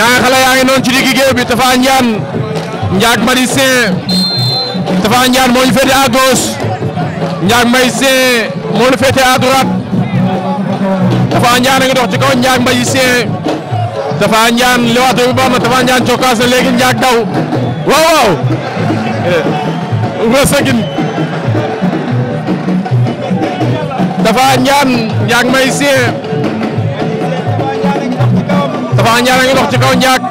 ñaari xale yaa ngi noonu ci digg géew bi Tapha Ndiane Ndiack Médecin Tapha Ndiane moo ñu féete à gauche Ndiack Médecin moo ñu féete a ngi dox ci kaw Ndiack Médecin Tapha Ndiane lewato bi baax na Tapha cokkaas na léegi Ndiack daw waaw waaw rësëgin Tapha Ndiane Ndiack Médecin Tapha Ndiane a ngi ci kaw Ndiak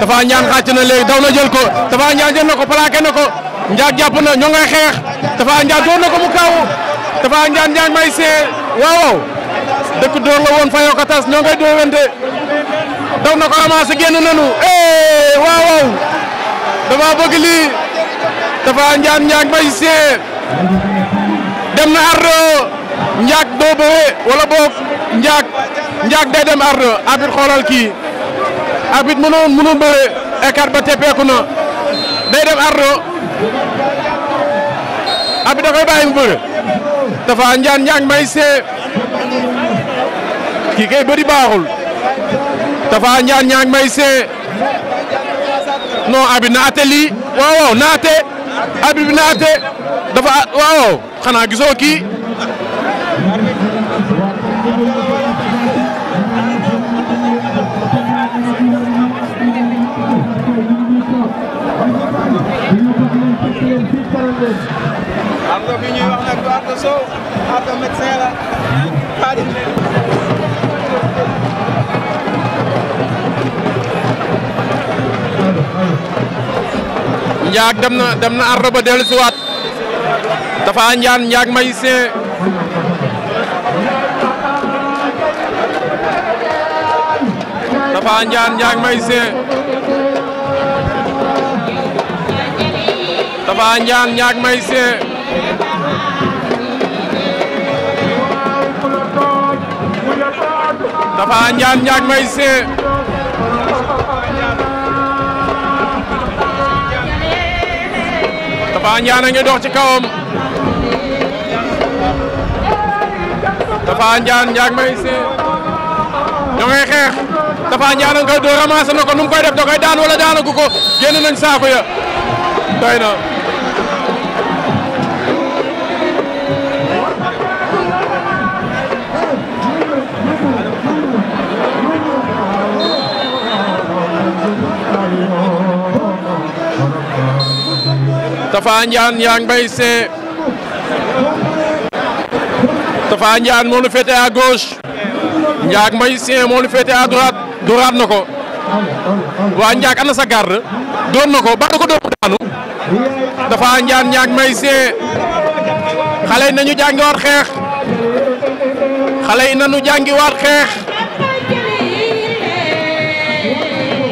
Tapha Ndiane xàcc na léegi daw na jël ko Tapha Ndiane jël na ko plaqué na ko Ndiak jàpp na ñoo ngay xeex Tapha Ndiane door na daw na ko ramassé génn nañu eh waaw waaw dama bëgg lii Tapha Ndiane Ndiak may dem na ardo Ndiak doo bëre wala boog Ndiak Ndiak day dem ardo abit xoolal kii. arbitre mënoon mënul bëre écart ba teppeeku na day dem ardo arbitre da koy bàyyi mu bëre dafa njaan njaan may kii kay bëri baaxul dafa njaan njaan may see non arbitre na lii waaw waaw na bi na dafa waaw xanaa gisoo ardo bi ñuy wax nag dem na dem na ardo ba dafa njaan Ndiak magicien dafa njaan Tapha jaan Niang Maysin Tapha Ndiang Niang Maysin Tapha Ndiang a ngi ci kawam Tapha Ndiang ñoo ngay xeex Tapha Ndiang nga koy doo ramassé na ko nu koy def da koy daan wala daanagu ko génn saako ya doy Tafa Ndiane yaa ngi bay see Tafa Ndiane moo ñu féete à gauche Ndiak Mbaye Sène moo ñu féete à droite dooraat na ko waa Ndiak ana sa garde doon na ko ba na ko doomu daanu Tafa Ndiane Ndiak Mbaye Sène xale yi nañu jàngiwaat xeex xale yi nañu jàngiwaat xeex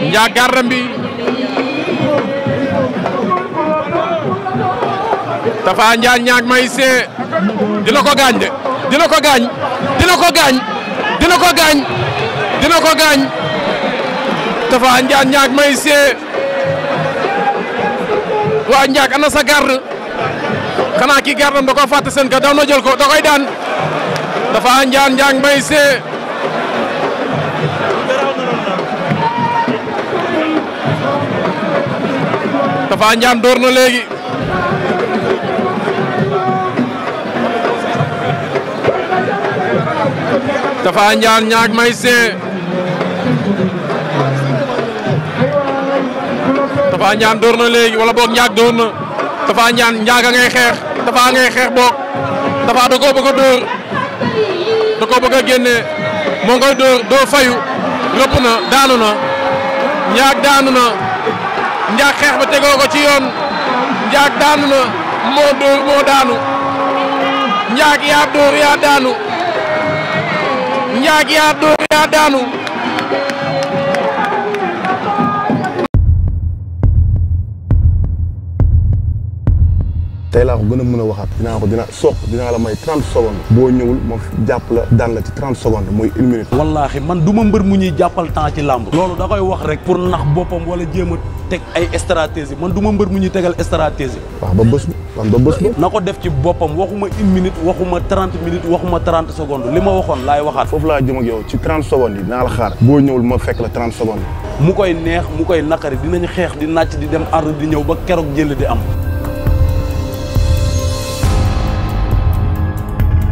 Ndiak gardam bi. Tapha Ndiaye ñaag may dina ko gaañ dina ko gaañ dina ko gaañ dina ko gaañ dina ko gaañ Tapha Ndiaye ñaag may see waa Ndiaye ana garde xanaa ki gardam da koo ka daw na jël ko da koy daan Tapha Ndiaye ñaag may see Tapha Ndiaye léegi. Tapha Ndiane Niang Maïssin Tapha Ndiane door na léegi wala boog Niang door na Tapha Ndiane Niang a ngay xeex Tapha ngay xeex boog Tapha da koo bëgg a door génne moo ngay door fayu rëpp na daanu na Niang daanu na Niang xeex ba tegoo ko ci yoon Niang daanu na moo door moo daanu Niang yaa door yaa daanu. Ndiak ya dóor yaa daanu. tey laa ko gën a mën a waxaat dinaa ko dina soq dinaa la may 30 secondes boo ñëwul ma jàpp la daan la ci 30 secondes mooy une minute. wallaahi man du ma mbër mu ñuy jàppal temps ci làmb. loolu da koy wax rek pour nax boppam wala jéem teg ay stratégie man du ma mbër mu ñuy tegal stratégie. waaw ba bës kon ba bës ba. na ko def ci boppam waxuma une minute waxuma trente minutes waxuma trente secondes li ma waxoon laay waxaat. foofu laa jëm ak yow ci trente secondes yi naa la xaar. boo ñëwul ma fekk la trente secondes. mu koy neex mu koy naqari ñu xeex di nàcc di dem ànd di ñëw ba keroog jël di am.